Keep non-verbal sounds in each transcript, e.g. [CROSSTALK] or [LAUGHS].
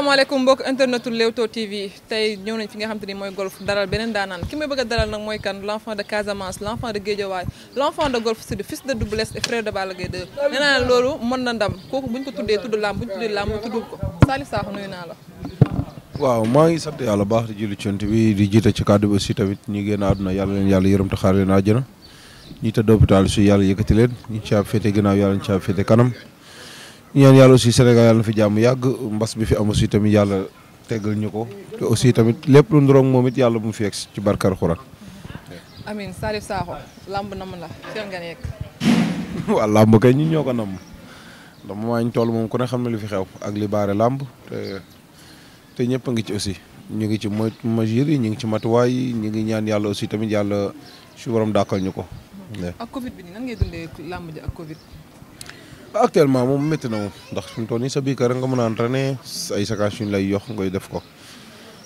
asalaamaaleykum mbokk internetu Leewtoo TV tey ñëw nañ fi nga xam te ni mooy golf daral beneen daanaan ki may bëgg a daral nag mooy kan l' enfant de Casamance l' enfant de Guédiawaye l' de Golf Sud fils de Double Less et frère de Balla Gaye 2 loolu mën na ndam kooku bu ñu ko tuddee tudd làmb bu ñu tuddee làmb tuddul ko Salif nuyu naa la waaw maa ngi sant yàlla baax di julli cont bi di jiite ci kàddu bi tamit ñi génn àdduna yàlla ñaan yàlla aussi Sénégal yàlla fi jàmm yàgg mbas bi fi am aussi tamit yàlla teggal ñu ko aussi tamit lépp lu ndoroog moom it yàlla bu mu fi yegg ci barkar Xuraan. amiin Salif Sakho lamb nam la fii nga nekk. [LAUGHS] waaw lamb ñoo ko nam ndax moment ñu moom ku ne xam ne li fi xew ak li baare lamb te te ñëpp a ngi ci aussi ñu ngi ci mot mesures yi ñu ngi ci matuwaay ñu ngi ñaan yàlla aussi tamit yàlla su borom dàkkal ñu ko. ak Covid bi nan ngay dundee lamb ji ak Covid. actuellement moom métti na moom ndax fi mu toll nii sa biir kër nga mën a entraîner ay saccage ñu lay yox ngay def ko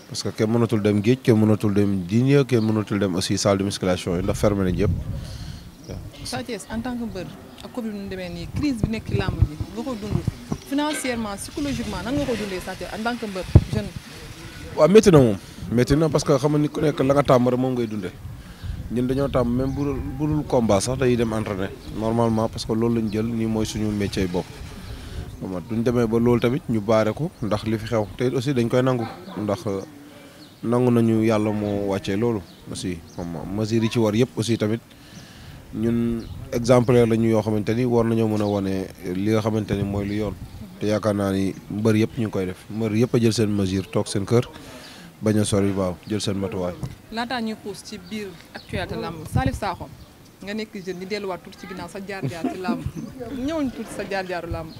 parce que kenn mënatul dem géej kenn mënatul dem diine kenn mënatul dem aussi salle de musculation yi ndax fermé nañ yëpp. Sa Thiès en tant que mbër a Covid bi nu demee nii crise bi nekk ci làmb ji nga ko dund financièrement psychologiquement nan nga ko dundee Sa Thiès en tant que mbër jeune. waaw métti na moom métti na parce que xam ni ku nekk la nga tàmbali moom ngay dundee. ñun dañoo tàmm même bu bu dul combat sax dañuy dem entraîner normalement parce que loolu lañ jël nii mooy suñu métier bopp. xam nga duñ demee ba loolu tamit ñu baare ko ndax li fi xew te aussi dañ koy nangu ndax euh, nangu nañu yàlla moo wàccee loolu aussi xam nga yi ci war yëpp aussi tamit. ñun exemplaire lañu yoo xamante ni war nañoo mën a wane li nga xamante ni mooy lu yoon te yaakaar naa ni mbër yëpp ñu ngi koy def mbër yëpp a jël seen masir toog seen kër bañ a sori waaw jël seen matuwaay. laataa ñuy xuus ci biir actualité làmb Salif Sakho nga nekk jeune ñu delluwaat tuuti ci ginnaaw sa jaar-jaar ci làmb ñëwuñ tuuti sa jaar-jaaru làmb.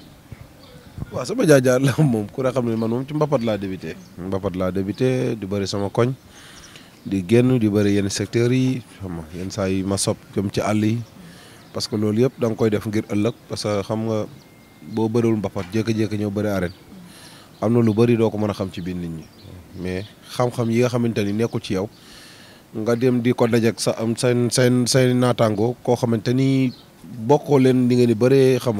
sama jaar-jaar làmb moom ku ne xam ne man moom ci mbapat laa débuté. mbapat laa débuté di bëri sama koñ di génn di bëri yenn secteurs yi xam yenn saa yi ma sob jëm ci àll yi parce que loolu yëpp da nga koy def ngir ëllëg parce que xam nga boo bëriwul mbapat jékki-jékki ñëw bëri arène am na lu bëri doo ko mën a xam ci biir nit ñi. mais xam-xam yi nga xamante ni nekkul ci yow nga dem di ko dajek sa am seen seen seen naataango koo xamante ni bokkoo leen di ngeen di bëree xam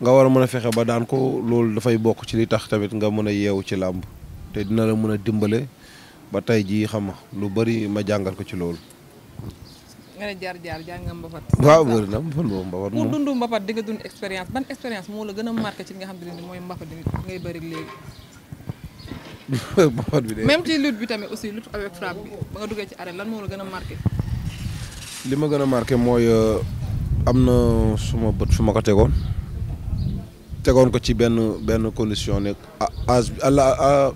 nga war a mën a fexe ba daan ko loolu dafay bokk ci li tax tamit nga mën a yeewu ci làmb te dina la mën a dimbale ba tey jii xam nga lu bëri ma jàngal ko ci loolu. nga ne jaar jaar jaar nga mbapat. waaw bëri na mbapat moom mbapat moom. pour dund mbapat di nga dund expérience ban expérience moo la gën a marqué ci li nga xam ne mooy mbapat di ngay bëri boppam bi de. ci lutte bi tamit aussi lutte avec bi ba nga duggee ci arène lan moo la gën a marqué. li ma gën a marqué mooy euh, am na suma bët su ma ko tegoon tegoon ko ci benn benn condition nekk âge bi à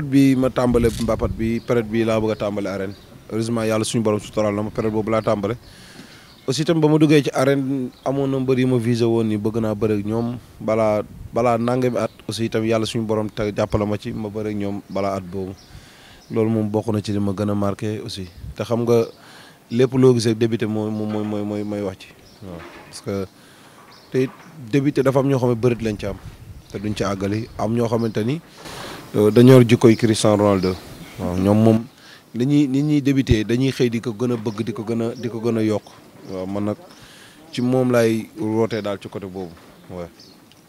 bi ma tàmbale mbapat bi période bi laa bëgg a tàmbale arène heureusement yàlla suñu borom sutural la ma période boobu laa tàmbale. aussi itam ba ma duggee ci arène amoon na mbër yi ma visé woon ni bëgg naa bëri ñoom balaa balaa nanga nangami at aussi tamit yàlla suñu borom te jàppale ma ci ma bëri ñoom balaa at boobu loolu moom bokk na ci li ma gën a marqué aussi te xam nga lépp loo gisee débuté mooy mooy mooy mooy wax ci parce que te débuté dafa am ñoo xam ne lañ ci am te duñ ci àggali am ñoo xamante ni euh, dañoo jikkoy Cristiano Ronaldo waaw ñoom moom li ñuy nit ñuy débuté dañuy xëy di ko gën a bëgg di ko gën a di ko gën a yokk waaw man nag ci moom lay rootee daal ci côté boobu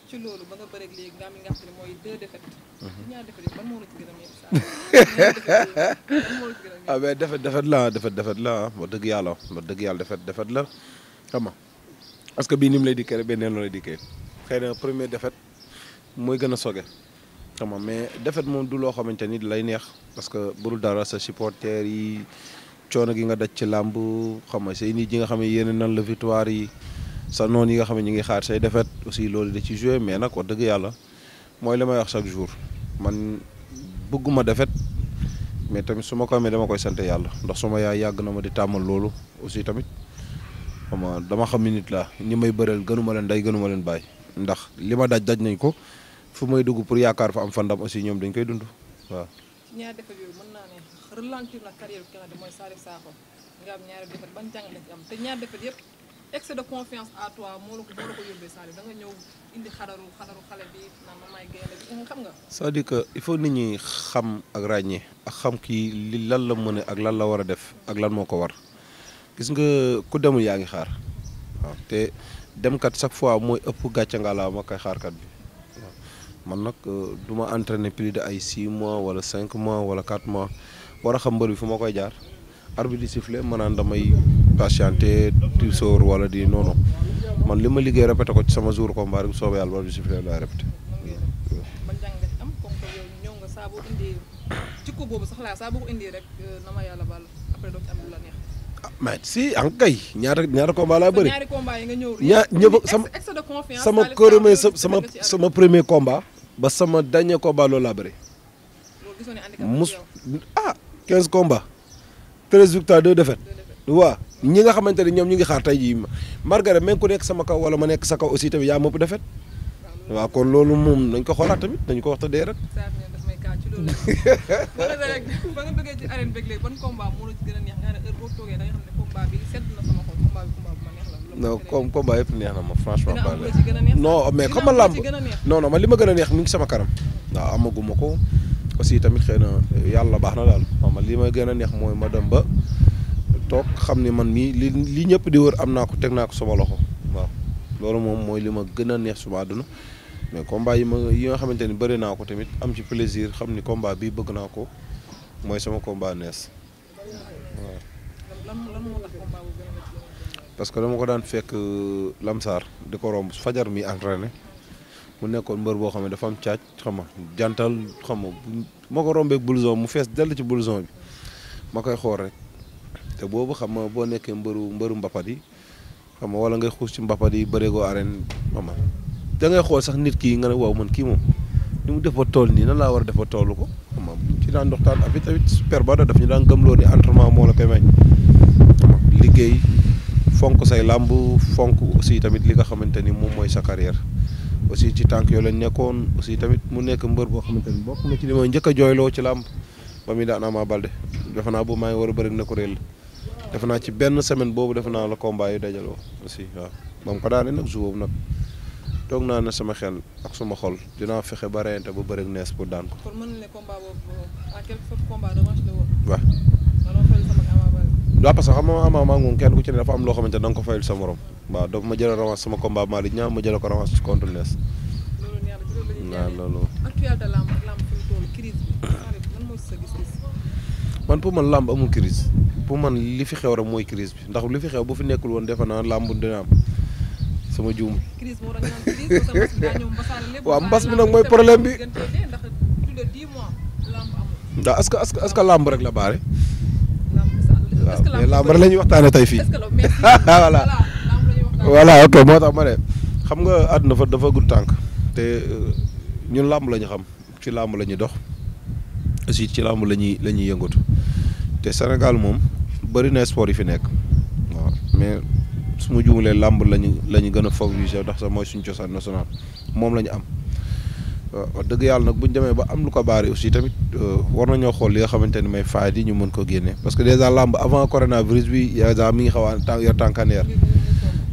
ci loolu ba nga bëreeg mhm. la ci gën a métti [LAUGHS] ah, la ah dëgg yàlla wax dëgg yàlla défaite défaite la xam nga parce que bii ni mu lay dikkee rek benn yoon lay premier défaite mooy gën a soge xam mais défaite moom du loo xamante ni lay neex parce que burul dara sa supporter yi coono gi nga daj ci làmb xam nga say nit yi nga xam ne yéen nan la victoire yi. sa noonu yi nga xam ne ñu ngi xaar say défaite aussi loolu da ci joué mais nag o dëgg yàlla mooy li may wax chaque jour man bëgguma défaite mais tamit su ma ko amee dama koy sant yàlla ndax suma yaay yàgg na ma di tàmmal loolu aussi tamit xam dama xam ni nit laa ñi may bëreel gënuma leen day gënuma leen bàyyi ndax li ma daj daj nañ ko fu may dugg pour yaakaar fa am fa ndam ñoom dañ koy dund waaw. mooy Salif Sakho nga ñaari défaite ban jàng la ci te ñaar défaite yëpp. excès de confiance à moo la ko yóbbee Saliou da nga ñëw indi xararu xararu xale bi man que il faut nit ñi xam ak ràññee. xam kii li lan la mën ak lan la war a def ak lan moo ko war gis nga ku demul yaa ngi xaar te demkat chaque fois mooy ëpp gàcce nga xaarkat bi man nag euh, du ma entraîner plus de ay 6 mois wala 5 mois wala 4 mois war a xam mbër bi fu ma koy jaar arbitre di siffler ma damay. patienter di sóor wala di non man li ma liggéey répété ko ci sama jour combat rek soobee yàlla ba bi sifle laa euh, ah, mais si en kay ñaata ñaata laa bëri ñaa sama sama sama premier combat ba sama dernier combat loolu laa bëri mus ah 15 combats 13 waa ñi nga xamante ne ñoom ñu ngi xaar tey jii Margaret même ko nekk sama kaw wala ma nekk sa kaw aussi tamit yaa defet waaw kon loolu moom nañ ko xoolaat tamit dañ ko wax te dee rek. [LAUGHS] ba nga a neex na sama ma neex la. non comme combat ma li ma gën a neex mi ngi sama karam waaw amaguma ko aussi tamit xëy yàlla baax na daal ma nga li ma gën a neex mooy ma dem ba toog xam ne man mii li li ñëpp di wër am naa ko teg naa ko sama loxo waaw loolu moom mooy li ma gën a neex suma àdduna mais combat yi ma yi xamante ni bëri naa ko tamit am ci plaisir xam ni combat bii bëgg naa ko mooy sama combat parce que dama ko daan fekk euh, Lamsaar di ko romb fajar mi entraîné mu nekkoon mbër boo xam ne dafa am caaj xam nga jantal xam nga ma ko rombeek blouson mu fees dell ci blouson bi ma koy xool rek te boobu xam nga boo nekkee mbëru mbëru mbapat yi xam nga wala ngay xuus ci mbapat yi bëreegoo arène mama da ngay xool sax nit kii nga ne waaw man kii moom ni mu defa tool nii nan laa war a defa toolu ko xam ci daan doxtaan abi tamit super bada daf ñu daan gëmloo ni entraînement moo la fonk say làmb fonk aussi tamit li nga xamante ni moom mooy sa carrière aussi ci tànk yoo lañ nekkoon aussi tamit mu nekk mbër boo xamante ni bokk na ci li mooy njëkk a jooyloo ci làmb ba muy daan Ama Baldé defe naa bu maa ngi war a bëri na ko réel defe naa ci benn semaine boobu defe naa la combat yu dajaloo aussi waaw ba mu ko daanee nag jour boobu nag toog naa ne sama xel ak suma xol dinaa fexe ba reyante ba bëri nees pour daan ko. kon mën na ne combat boobu en quelque ci ne dafa am loo xamante ne da nga sa morom waaw dafa ma jëlee revanche sama combat Malick Niang ma jëlee ko revanche contre nees. loolu neex waaw man pour man làmb amul crise pour man li fi xew rek mooy crise bi ndax li fi xew bu fi nekkul woon defe naa làmb dina am sama juum. waaw mbas bi nag mooy problème bi. ndax est-ce que est-ce que est-ce làmb rek la baare. waaw mais làmb rek la ñuy waxtaanee tey fii. [LAUGHS] voilà voilà ok moo tax ma xam nga àdduna fa dafa gudd tànk te euh, ñun làmb lañu xam ci làmb la ñuy dox aussi ci làmb la ñuy la ñuy yëngatu. te Sénégal moom bëri na sport yi fi nekk waaw mais su ma juumalee làmb lañu la ñu gën a favoriser ndax sax mooy suñu cosaan national moom la ñu am waaw wax dëgg yàlla nag bu ñu demee ba am lu ko baari aussi tamit euh, war nañoo xool li nga xamante ni may faay di ñu mën ko génne parce que déjà làmb avant coronavirus bi mi ngi xaw a yor tànkaneer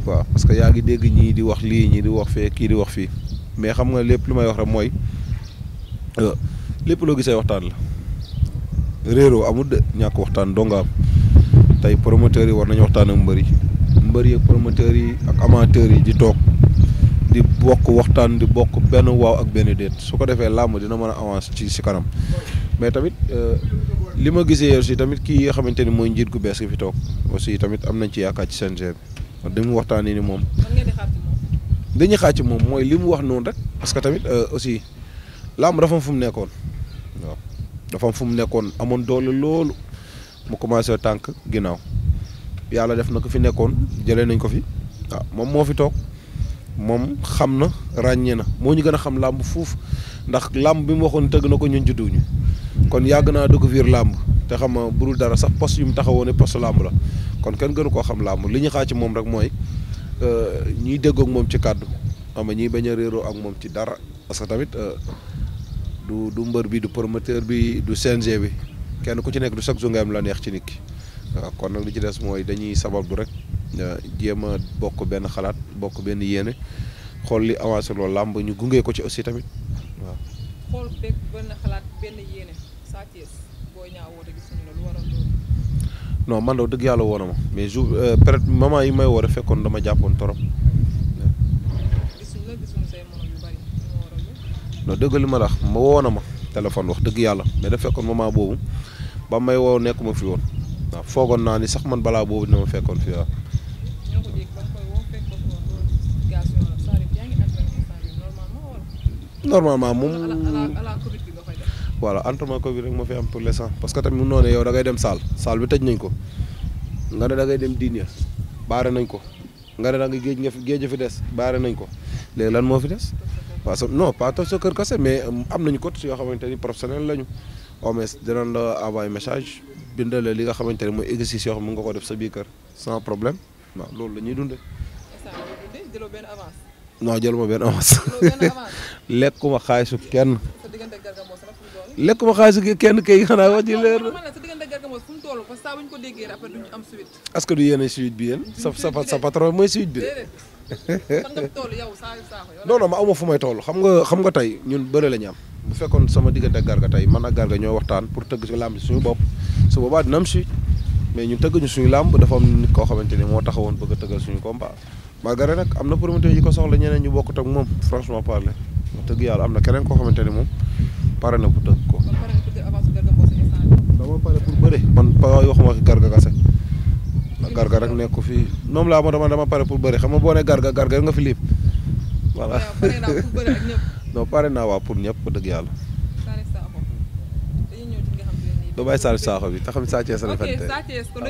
waaw parce que yaa ngi dégg ñii di wax lii ñii di wax fee kii di wax fii mais xam nga lépp lu may wax rek mooy euh, lépp loo gisee waxtaan la. réeroo amul de ñàkk waxtaan dongaam tey promoteurs yi war nañu waxtaan ak mbër yi mbër yi ak promoteurs yi ak amateurs yi di toog di bokk waxtaan di bokk benn waaw ak benn déet su ko defee làmb dina mën a avancer ci si kanam mais tamit euh, li ma gisee aussi tamit kii nga xamante ni mooy njiit bees gi fi toog aussi tamit am nañ ci yaakaar ci CNG bi dañu waxtaanee ni moom. dañuy xaar moom mooy li mu wax noonu rek parce que tamit euh, aussi làmb dafa fu mu nekkoon dafa fu mu nekkoon amoon doole loolu mu commencé tànk ginnaaw yàlla def na ko fi nekkoon jëlee nañ ko fi waaw ah, moom moo fi toog moom xam na ràññee na moo ñu gën a xam làmb fuuf ndax làmb bi mu waxoon tëgg na ko ñun judduñu kon yàgg naa découvrir làmb te xam nga bu dara sax post yu mu taxawoon poste làmb la kon kenn gënu koo xam làmb li ñu xaar ci moom rek mooy euh, ñiy déggook moom ci kàddu xam nga ñuy bañ a réeroo ak moom ci dara parce que tamit. Euh, du du mbër bi du promoteur bi du CNG bi kenn ku ci nekk du chaque jour nga am la neex ci nit ki waaw kon nag li ci des mooy dañuy sabablu rek jéem a bokk benn xalaat bokk benn yéene xool li avancé loolu làmb ñu gungee ko ci aussi tamit waaw. xool benn xalaat benn yéene Sa Thiès Boy Niang woote gis nañu lu waral loolu. man de dëgg yàlla woon na ma mais jour euh, peut-être moment yi may war a fekkoon dama jàppoon trop. non dëgg li ma la ma woo na ma téléphone wax dëgg yàlla mais dafa fekkoon moment boobu ba may woo nekkuma fi woon waaw foogoon naa ni sax man balaa boobu dina fekkoon fi waaw. normalement moom voilà entraînement Covid moo fi am pour l'instant parce que tamit munoo ne yow da dem saal saal bi tëj nañ ko nga ne da dem diine baare nañ ko nga ne da nga géej nga fi géej fi des baare nañ ko léegi lan moo fi des. parce que non pas toog sa kër kese mais euh, am nañu coach yoo xamante ni professionnel lañu au moins dinañ la envoyer message bindal la li nga xamante ne mooy exercice yoo xam ne mën nga ko def sa biir kër sans problème waaw loolu la ñuy dundee. jëloo benn avance. non jëluma benn avance. [LAUGHS] lekkuma xaalisu kenn. lekkuma xaalisu kenn kay xanaa wax ji leer est-ce que du yéene suite bi yéen. sa sa patron mooy suite bi. non non ma awma fu may toll xam nga xam nga tey ñun bëre la am bu fekkoon sama diggante garga tey man ak garga ñoo waxtaan pour tëgg si làmb si suñu bopp su boobaa dina am si mais ñun tëgguñu suñu làmb dafa koo xamante ni moo taxawoon bëgg a tëggal suñu combat malgré nag am na promoteur yi ko soxla ñeneen ñu bokk ak moom franchement parler mu tëgg yàlla am na keneen koo xamante ni moom pare na bu tëgg ko dama pare pour bëre man pa waxuma garga kase garga rek nekku fii moom laa moo dama dama pare pour bëri xam nga boo ne garga garga nga fi liib voilà [LAUGHS] non pare naa waaw pour ñëpp dëgg yàlla doo bàyyi Salif Sakho bi te xam Sa Thiès la fente [LAUGHS] xam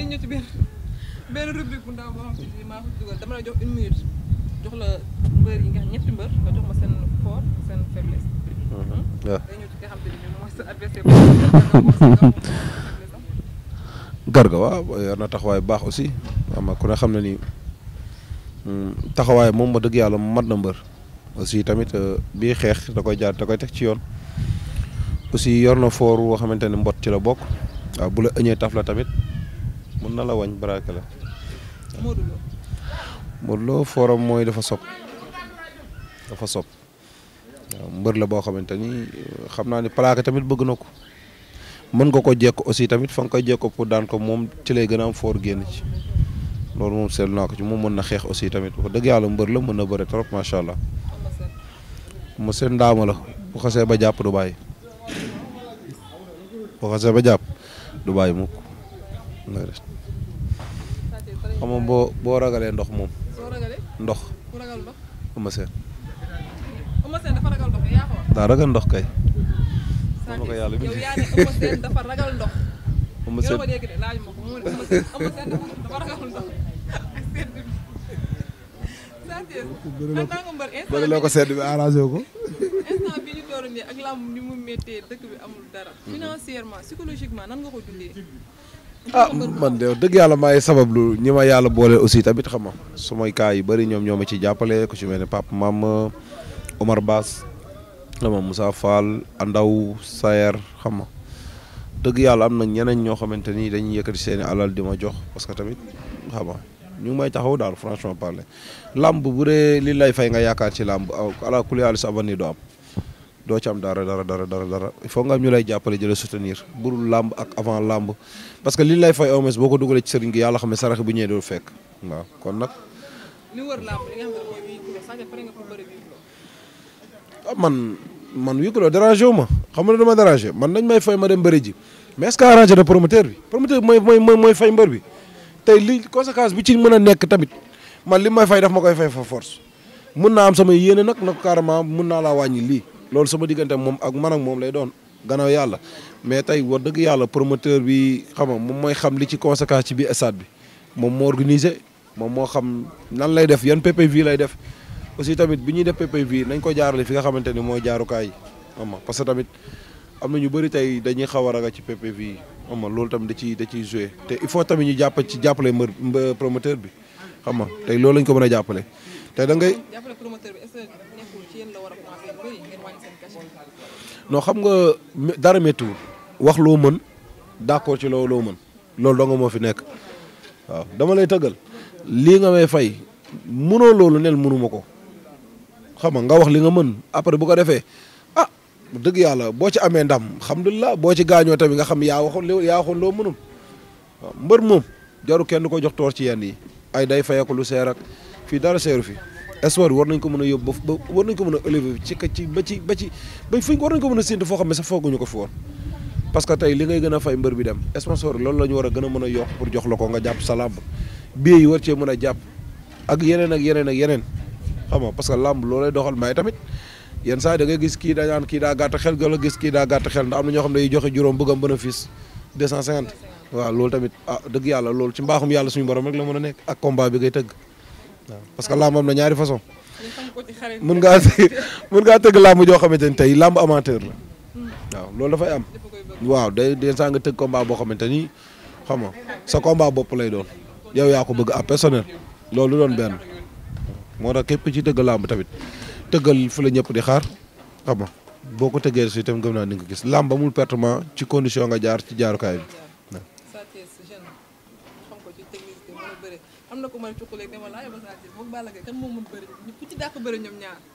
ne maa ko dugal jox la mbër yi nga xam mbër nga jox ma seen fort seen faiblesse waaw mhm. dañu [LAUGHS] garga waaw yor na taxawaay bu baax aussi ama ku ne xam na ni mm, taxawaay moom ma dëgg yàlla mat na mbër aussi tamit euh, bii xeex da koy jaar teg ci yoon aussi yor na foor woo xamante ne mbot ci la bokk waaw bu la ëñee taf la tamit mun na la wañ baraake la Modou Lo fooram mooy dafa sob dafa sob mbër la boo xamante ni xam naa ni plaqué tamit bëgg na ko mën nga ko jekk aussi tamit fa nga koy jekko pour daan ko moom ci lay gën a am foor génn ci loolu moom seetlu naa ko ci moom mën na xeex aussi tamit wax dëgg yàlla mbër la mën na bëre trop macha allah mu seen ndaama xasee ba jàpp du bàyyi xasee ba jàpp du boo ragalee ndox moom ndox. Eumeu daa ragal ndox kay moom yàlla yow loo ko sedd bi arrangé ko. instant man de dëgg yàlla maay sabablu ñu ma yàlla boole aussi tamit xam nga sumay kaa yu bëri ñoom ñoo ma ci jàppale ku ci mel ne Pape Mam Omar Bass. xam nga Moussa Fall Andaw Sayer xam nga dëgg yàlla am na ñeneen ñoo xamante nii dañuy yëkkati seeni alal di ma jox parce que tamit xam nga ñu ngi may taxaw daal franchement parler làmb bu dee li lay fay nga yaakaar ci làmb aw ala kulli aal sa avenir doo am doo ci am dara dara dara dara dara il faut nga am ñu lay jàppale jële soutenir burul làmb ak avant làmb parce que li lay fay au moins boo ko dugalee ci sëriñ gi yàlla xam ne sarax bu ñëwee doo fekk waaw Ah, man man huis clos dérangé wu ma xam nga dama dérangé man nañ may fay ma dem bëri ji mais est-ce promoteur bi promoteur bi mooy mooy mooy fay mbër bi tey li conséquence bi ci mën a nekk tamit man li may fay daf moo koy fay fa force mun naa am sama yéene nag nag carrément mun naa laa wàññi lii loolu sama diggante moom ak man moom lay doon gannaaw yàlla mais tey war dëgg yàlla promoteur bi xam nga moom mooy xam li ci conséquence ci biir stade bi moom moo organisé moom moo xam nan lay def yan PPV lay def aussi tamit bi ñuy def PPV nañ ko jaarale fi nga xamante ni mooy jaarukaay xam nga parce que tamit am na ñu bari tey dañuy xaw a ci PPV yi xam nga loolu tamit da ciy da ciy joué te il faut tamit ñu jàpp ci jàppale mbër promoteur bi xam nga tey loolu lañ ko mën a jàppale. te da ngay jàppale xam nga dara méttiwul wax loo mën d'accord ci loolu mën loolu dong moo fi nekk waaw dama lay tëggal lii nga may fay mënoo loolu nel mënuma ko. xam nga nga wax li nga mën après bu ko defee ah dëgg yàlla boo ci amee ndam alhamdulilah boo ci gaañoo tamit nga xam yaa waxoon yaa waxoon loo mënul waaw mbër moom jaru kenn ko jox toor ci yenn yi ay day fayeeku lu seer ak fii dara seeru fi espoir war nañ ko mën a yóbbu ba war nañ ko mën a élever ci ci ba ci ba ci ba fuñ war nañ ko mën a séntu foo xam ne sax fooguñu ko fi woon parce que tey li ngay gën a fay mbër bi dem sponsor loolu la ñu war a gën a mën a yokk pour jox la ko nga jàpp sa làmb bi war cee mën a jàpp ak yeneen ak yeneen ak yeneen xam nga parce que làmb loolay doxal may tamit yenn saa da ngay gis kii dañaan kii daa gàtt xel gala gis kii daa gàtt xel ndax am na ñoo xam ne day joxe juróom bëgg am bénéfice 250 waaw loolu tamit a ah, dëgg yàlla loolu ci mbaaxum yàlla suñu borom rek la mën a nekk ak combat bi ngay tëgg waaw parce que làmb am na ñaari façon mën ngaa mën ngaa tëgg làmb joo xamante ni tey làmb amateur la waaw loolu dafay am waaw day des saa nga tëgg combat boo xamante ni xam nga sa combat bopp lay doon yow yaa ko bëgg à personnel loolu doon benn moo tax képp ci tëgg lamb tamit tëggal fu la ñëpp di xaar xam boo ko tëggee si itam gëm naa ni nga gis làmb amul pertement ci condition nga jaar ci jaarukaay bi. am na ko mën a cukkuleeg ma man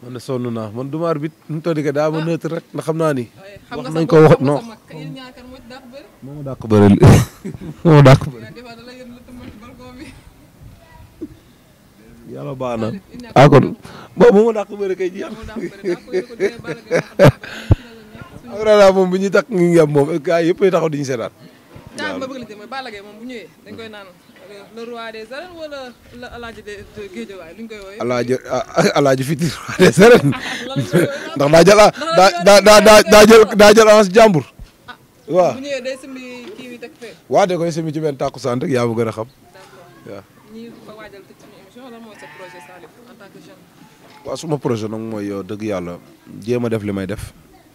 de man du ma arbitre mu toll nii daa ma ah. neutre rek ndax xam naa ni. wax nañ ko wax non xam nga sama [LAUGHS] yàlla baax na ah ñuy de Guédiawaye luñ koy woowee. alaaji ah, alaaji fii [LAUGHS] roi des arènes ah, ndax daa da koy sëmbi ci benn tàkkusaan a xam. d'accord ñii waajal waaw suma projet nag mooy euh, dëgg yàlla jéem a def li may def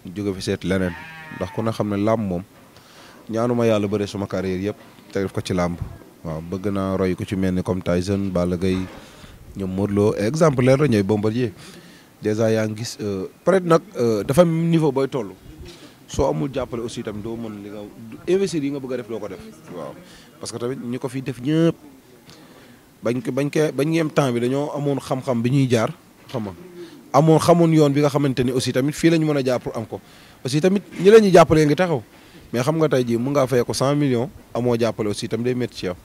jóge fi seet leneen ndax ku ne xam ne làmb moom ñaanuma yàlla bëre suma carrière yëpp te def ko ci làmb waaw bëgg naa roy ko ci mel ni comme Tyson bala Gaye ñoom Modou Lo exemple leen rek ñooy Bombardier dèjà yaa ngi gis euh, peut-être nag euh, dafa niveau booy toll soo amul jàppale aussi tamit doo mën li nga investir yi nga bëgg a def doo ko def waaw parce que tamit ñu ko fi def ñëpp bañ ko bañ ke bañ yem temps bi dañoo amoon xam-xam bi ñuy jaar xam nga amoon xamoon yoon bi nga xamante ni aussi tamit fii la ñu mën a jàpp pour am ko aussi tamit ñi la ñuy ngi taxaw mais xam nga tey jii mu ngaa fay ko cent millions amoo jàppale aussi tamit day métti ci yow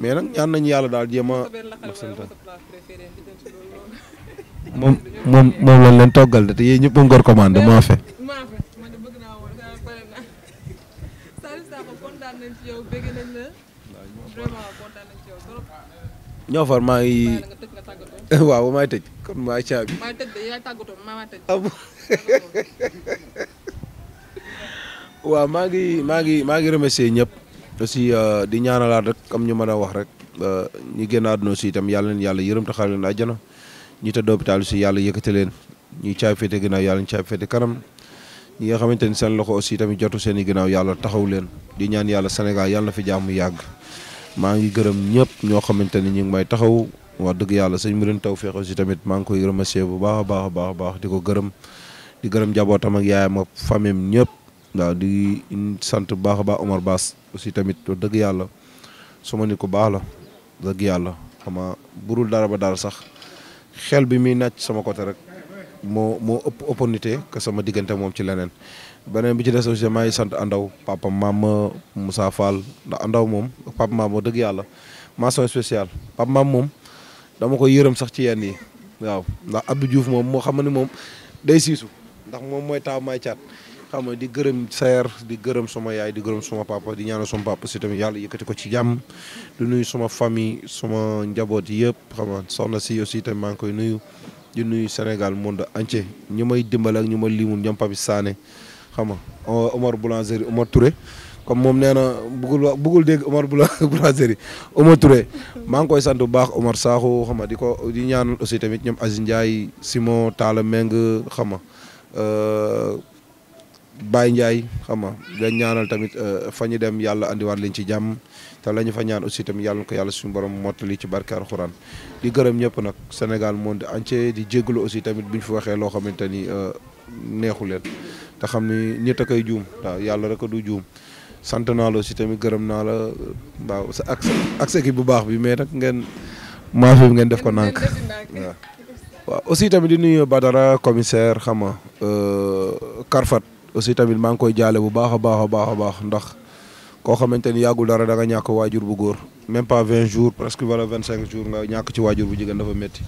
mais nag ñaan nañu yàlla daal jéem a ndax moom moom toggal de te yéen ñëpp a ñoo far maa [LAUGHS] waaw maa caabi. maa tëj de yaay maa tëj. Ah, [LAUGHS] maa ngi maa ngi maa ngi ñëpp aussi euh, di ñaanalaat rek comme ñu mën a wax rek euh, ñi génn àdduna aussi itam yàlla leen yàlla yërëm taxaar leen àjjana ñi tëdd hôpital aussi yàlla yëkkate leen ñuy caay féete ginnaaw yàlla ñu caay féete kanam ñi nga xamante ni seen loxo aussi tamit jotu seen i ginnaaw yàlla taxaw leen di ñaan yàlla Sénégal yàlla na fi jaamu yàgg maa ngi gërëm ñëpp ñoo xamante ni ñi ngi may taxaw wax dëgg yàlla sëñ mu leen taw feex aussi tamit maa ngi koy remercier bu baax a baax a baax a baax di ko gërëm di gërëm njabootam ak yaayam ak famem ñëpp waaw di sant bu baax a baax Omar Baas aussi tamit wax dëgg yàlla suma nit ko baax la dëgg yàlla xama burul dara ba dara sax xel bi muy nàcc sama côté rek moo moo ëpp opportunité que sama diggante moom ci leneen beneen bi ci des maa ngi sant Andaw papa maam Moussa Fall ndax Andaw moom papa maam dëgg yàlla mention spéciale maam moom dama ko yërëm sax ci yenn yi waaw ndax Abdou Diouf moom moo xam ne moom day siisu ndax moom mooy taaw may caat xam nga di gërëm sayer di gërëm sama yaay di gërëm sama papa di ñaanal sama papa si tamit yàlla yëkkati ko ci jàmm di nuyu sama famille sama njaboot yëpp xam nga soxna si aussi tamit maa ngi koy nuyu di nuyu Sénégal monde entier ñu may dimbal ak ñu ma limul ñoom Papi Sané xam nga Omar Boulangerie Omar Touré comme moom nee na bëggul wax bëggul dégg Omar [LAUGHS] Boulangerie Omar Touré maa ngi koy sant bu baax Omar Sakho xam nga di ko di ñaanal aussi tamit ñoom Aziz Ndiaye Simon taala Meng xam nga euh, Baye Ndiaye xam nga dañ ñaanal tamit euh, fa ñu dem yàlla andiwaat leen ci jàmm te lañu ñu fa ñaan aussi tamit yàlla na ko yàlla suñ borom mottali ci barke alxuraan di gërëm ñëpp nag Sénégal monde entier di jégalu aussi tamit bu ñu waxee loo xamante ni euh, neexu leen te xam ni ñett koy juum yàlla rek a du juum. sant naa la aussi tamit gërëm naa la waaw sa bu baax bi mais nag ngeen maa fi ngeen def ko nànk [LAUGHS] waaw. aussi tamit di nuyu Badara commissaire xam nga euh, Karfat aussi tamit maa ngi koy jaale bu baax a a baax baax ndax koo xamante ni yàggul dara da nga ñàkk waajur bu góor même pas vingt jours presque wala vingt cinq jours nga ñàkk ci waajur bu jigéen dafa métti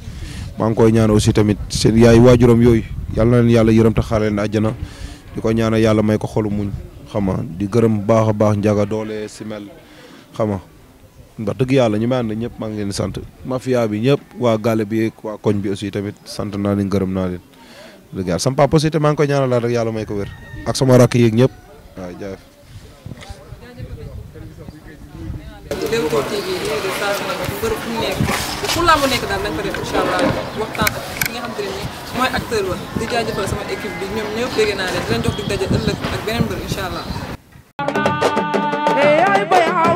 maa ngi koy ñaan aussi tamit seen yaay waajuram yooyu yal na leen yàlla yërëm te xaar leen àjjana di ko ñaanal yàlla may ko xolu muñ xama di gërëm bu baax a baax njaga doole simel xama ndax dëgg yàlla ñu ma ànd ñëpp maa ngi leen sant mafia bi ñëpp waa gàlle bi waa koñ bi aussi tamit sant naa leen gërëm naa leen dëgg aussi te maa ngi koy ñaanal rek yàlla may ko wér ak sama rakk yeeg nga xam te ne nii mooy acteur ba di jaajëfal sama équipe di di daje ak beneen mbir incha allah.